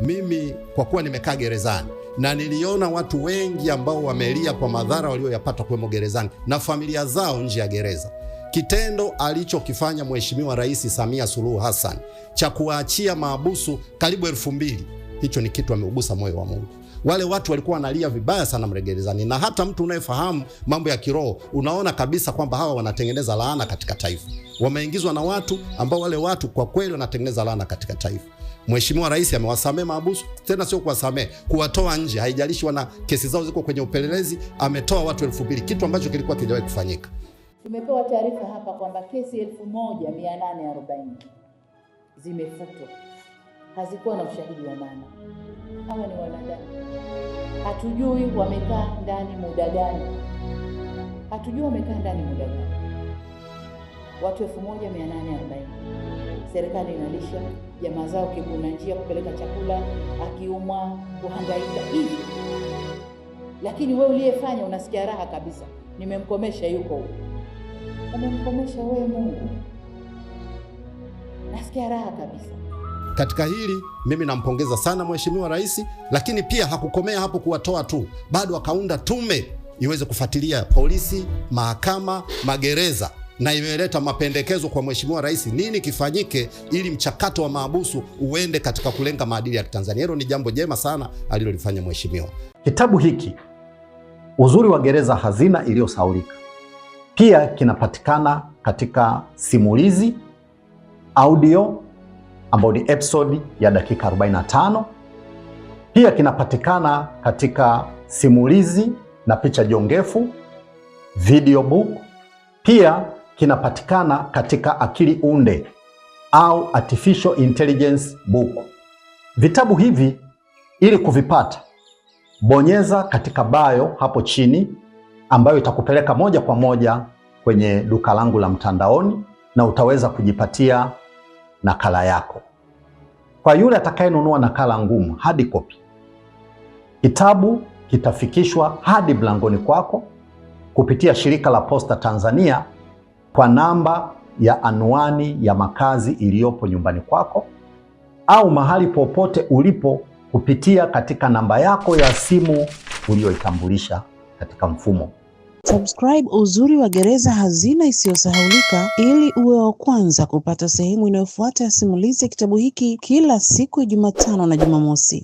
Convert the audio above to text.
mimi kwa kuwa nimekaa gerezani na niliona watu wengi ambao wamelia kwa madhara walioyapata kuwemo gerezani na familia zao nje ya gereza. Kitendo alichokifanya Mheshimiwa Rais Samia Suluhu Hassan cha kuwaachia maabusu karibu elfu mbili hicho ni kitu ameugusa moyo wa Mungu. Wale watu walikuwa wanalia vibaya sana mle gerezani, na hata mtu unayefahamu mambo ya kiroho unaona kabisa kwamba hawa wanatengeneza laana katika taifa wameingizwa na watu ambao wale watu kwa kweli wanatengeneza laana katika taifa. Mheshimiwa Rais amewasamehe maabusu, tena sio kuwasamehe kuwatoa nje, haijalishi wana kesi zao ziko kwenye upelelezi. Ametoa watu elfu mbili kitu ambacho kilikuwa kijawahi kufanyika. Tumepewa taarifa hapa kwamba kesi 1840 zimefutwa, hazikuwa na ushahidi wa maana. Hawa ni wanadamu, hatujui wamekaa ndani muda gani, hatujui wamekaa ndani muda gani watu arobaini. serikali inalisha jamaa zao, kibuna njia kupeleka chakula, akiumwa kuhangaika hivi. Lakini wee uliyefanya unasikia raha kabisa, nimemkomesha yuko huko, umemkomesha wewe Mungu, nasikia raha kabisa. Katika hili mimi nampongeza sana Mheshimiwa Rais, lakini pia hakukomea hapo kuwatoa tu, bado akaunda tume iweze kufuatilia polisi, mahakama, magereza na imeleta mapendekezo kwa Mheshimiwa Rais nini kifanyike ili mchakato wa maabusu uende katika kulenga maadili ya Tanzania. Hilo ni jambo jema sana alilolifanya mheshimiwa. Kitabu hiki Uzuri wa Gereza, Hazina Iliyosahaulika pia kinapatikana katika simulizi audio ambayo ni episode ya dakika 45. Pia kinapatikana katika simulizi na picha jongefu video book pia kinapatikana katika Akili Unde au Artificial Intelligence Book. Vitabu hivi ili kuvipata, bonyeza katika bio hapo chini ambayo itakupeleka moja kwa moja kwenye duka langu la mtandaoni na utaweza kujipatia nakala yako. Kwa yule atakayenunua nakala ngumu, hard copy, kitabu kitafikishwa hadi mlangoni kwako kupitia shirika la Posta Tanzania kwa namba ya anwani ya makazi iliyopo nyumbani kwako au mahali popote ulipo kupitia katika namba yako ya simu uliyoitambulisha katika mfumo. Subscribe Uzuri wa Gereza Hazina Isiyosahaulika ili uwe wa kwanza kupata sehemu inayofuata ya simulizi ya kitabu hiki kila siku ya Jumatano na Jumamosi.